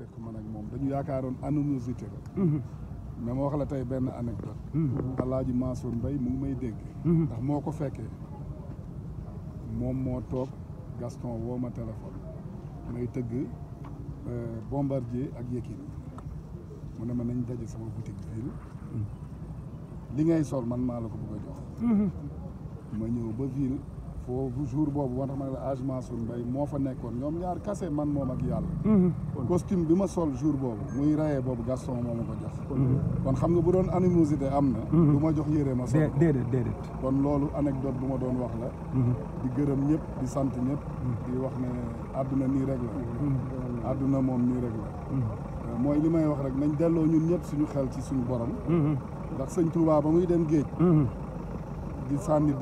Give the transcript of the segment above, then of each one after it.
seq man ak moom dañu yaakaaroon anonymité la mhm. mais ma wax la tey benn anecdote mhm. alaaji Mansour Mbaye mu ngi may dégg mhm. ndax moo ko fekkee moom moo toog Gaston woo ma téléphone may tëgg euh, Bombardier ak Yékini mu ne ma nañ daje sama boutique ville li ngay sol man maa la ko bëgg jox ma ñëw ba ville foofu jour boobu war na ma ne la Hadj Mansour Mbaye moo fa nekkoon ñoom ñaar kase man moom ak yàlla mhm. costume bi ma sol jour boobu muy rayee boobu Gaston moo ma ko jox kon xam nga bu doon animosité am na mhm. du ma jox yére ma sol déedéet déedéet kon loolu anecdote bu ma doon wax la mhm. di gërëm ñëpp di sant ñëpp di wax ne àdduna nii rek la àdduna moom nii rek la euh, mooy li may wax rek nañ delloo ñun ñëpp suñu xel ci suñu borom ndax sëñ Touba ba muy dem géej di sànni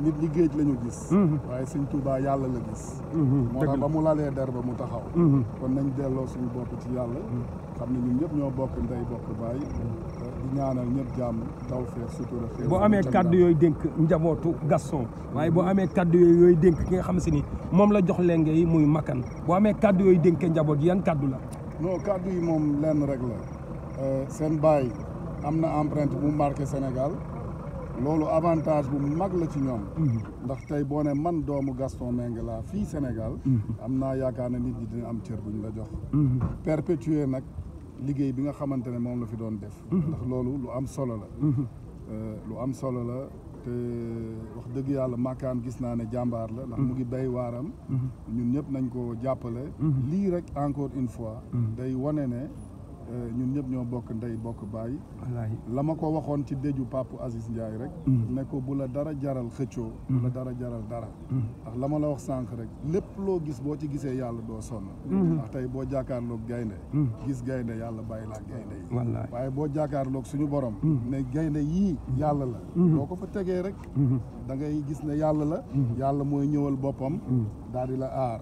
nit ñi géej la ñu gis mhm. waaye sëñ Tuubaa yàlla la gis mhm. mu lalee der ba mu taxaw mhm. kon nañ delloo suñu bopp ci yàlla xam ne ñun ñëpp ñoo bokk ndey bokk baay di ñaanal ñëpp jàmm tawfeex sutura xéewal boo amee kàddu yooyu dénk njabootu Gaston waaye boo amee kàddu yooyu dénk ki nga xam ni moom la jox lenge yi muy makkan boo amee kàddu yooyu dénkee njaboot yan kàddu la non kàddu yi moom lenn rek la euh, seen baay am na empreinte bu marqué Sénégal loolu avantage bu mag la ci ñoom mhm. ndax tey boo ne man doomu Gaston Mbengue laa fii Sénégal mhm. am naa yaakaar ne nit ñi dina am cër bu ñu la jox mhm. perpétuer nag liggéey bi nga xamante ne moom la fi doon def ndax loolu lu am solo la euh, lu am solo la te wax dëgg yàlla makaan gis naa ne jàmbaar la ndax mu ngi bay waaram ñun ñëpp nañ ko jàppale lii rek encore une fois day wone ne Eh, ñun ñëpp ñoo bokk ndey bokk bàyyi la ma ko waxoon ci déju Pape Aziz Ndiaye rek mm. ne ko bu la dara jaral xëccoo bu la mm. dara jaral dara mm. ndax la ma la wax sànq rek lépp loo gis boo ci gisee yàlla doo sonn mm-hmm. ndax tey boo jàkkaarloog gaynde gis gaynde yàlla bàyyi laa gaynde yi waaye boo jàkkaarloog suñu borom ne gaynde yii yàlla la mm-hmm. boo ko fa tegee rek mm-hmm. da ngay gis ne yàlla la yàlla mooy ñëwal boppam daal la aar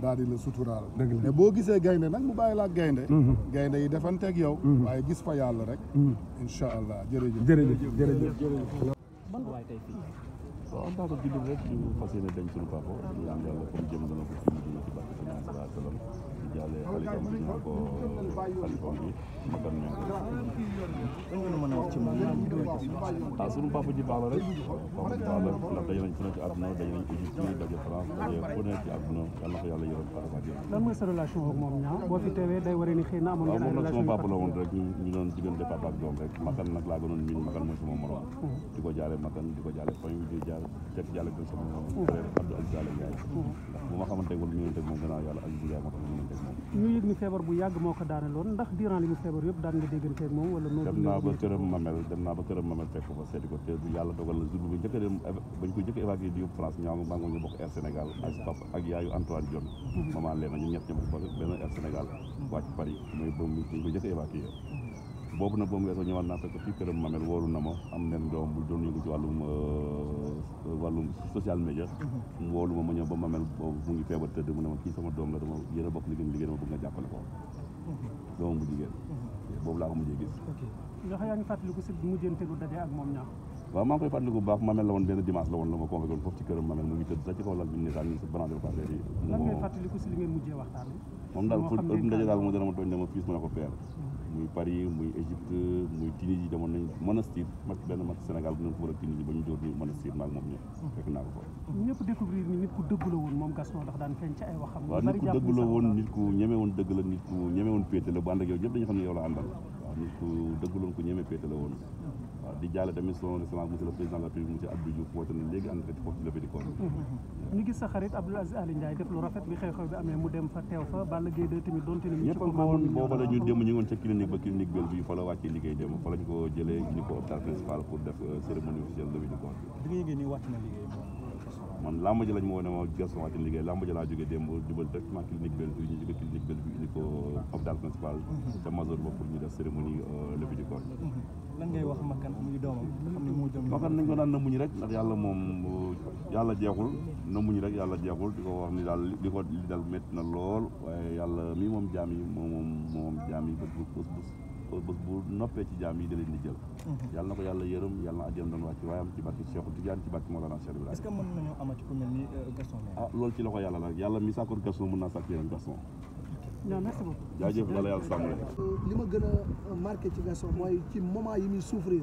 daal di la suturaal mais boo gisee gaynde nag mu bàyyi la ak gaynde mhm. gaynde yi defanteeg yow mhm. waaye gis fa yàlla rek mhm. incha allah jërëjëf jërëjëf jërëjëf ko jullit rek ñu fas yéene denc suñu papa ñu ñaan yàlla comme jëm ko jàllee xalifam bi ñaan ko xalifam bi makan ñu ko dañu mën a wax ci moom ah suñu papa ji baax la rek papa ji baax la ndax daje nañ fu ne ci àdduna daje nañ Égypte daje France daje fu ne ci àdduna yàlla na ko yàlla yërëm xaaral ak lan mooy sa relation ak moom ñaar boo fi teewee day waree ni xëy na amoon ah, ngeen relation sama papa la woon rek ñu doon diggante papa ak doom rek makan nag laa gënoon miin makan mooy sama morom mm-hmm. di ko jaale makan di ko jaale famille di jaale cek jaale ko sama mm-hmm. frère Abdou Aziz Ndiaye mm-hmm. ndax bu ma xamante woon ñu ne moom gannaaw yàlla Aziz Ndiaye moo tax ñu ne ñu yëg ni feebar bu yàgg moo ko daaneloon ndax durant li mu feebar yëpp daan nga dégganteeg moom wala dem naa ba këram mamel dem a dem a évacué di yóbbu France ñaama maa ngi ñu bokk Air Sénégal ak papa ak yaayu Antoine Diome mhm. maman Léna ñu ñett ñu bokk Air Sénégal wàcc Paris muy ba ñu ko njëkk a boobu nag boobu weesoo ñëwaat naa fekk fii këram Mamel wóolu na ma am nen doom bu doon yëngu ci wàllum euh, euh, wàllum social media mhm. mu wóolu ma ma ñëw ba ma kii sama doom la a bokk liggéey liggéey dama bëgg nga jàppale ko mhm. doomam bu jigéen mhm. boobu laa ko mujjee gis waaw maa koy fàttaliku baax Mamel la woon benn dimanche la woon la ma convoqué foofu ci këram Mamel mu ngi tëdd sax ci kaw lal bi ne daal ñu branché ko fiis mu ne ko père muy Paris muy Égypte muy Tunisie demoon nañ monastir match benn match Sénégal bu ñu ko war a Tunisie ba ñu dóor ni monastir maag moom ñëpp fekk naa ko fa ñëpp découvrir ni nit ku dëgg woon moom Gaston ndax daan feeñ ci ay waxam waaw nit dëgg la woon nit ku ñeme woon dëgg la nit ku ñeme woon péete la bu ànd yow ñëpp dañu xam ne yow la àndal waaw nit ku dëgg loon ku ñeme péete la woon waaw di jaale tamit son excellence monsieur le président de la République monsieur Abdou Diouf woote ni ñëpp ko woon booba dem ñu ngi woon ca bi ñu ko hôpital principal ca Mazor ba pour ñu def cérémonie euh, levée du bakkan nañ ko daan na muñ rek ndax yàlla moom yàlla jeexul na muñ rek yàlla jeexul di ko wax ni daal di ko li dal métti na lool waaye yàlla mii moom jaam yi moom moom moom jaam yi bés bu bés bés bu noppee ci jaam yi da leen di jël mhm. yàlla na ko yàlla yërëm yàlla na ajjam doon wàcc waaye am ci barke Cheikh Tidiane ci barke Mawlana Cheikh Ibrahima est-ce que mën nañoo euh, ah, loolu ci la ko yàlla nag yàlla mi sàkkoon Gaston mën naa sàkk yeneen Gaston non merci beaucoup jaajëf yàlla yàlla euh, li ma gën a marqué ci Gaston mooy ci moment yi muy souffrir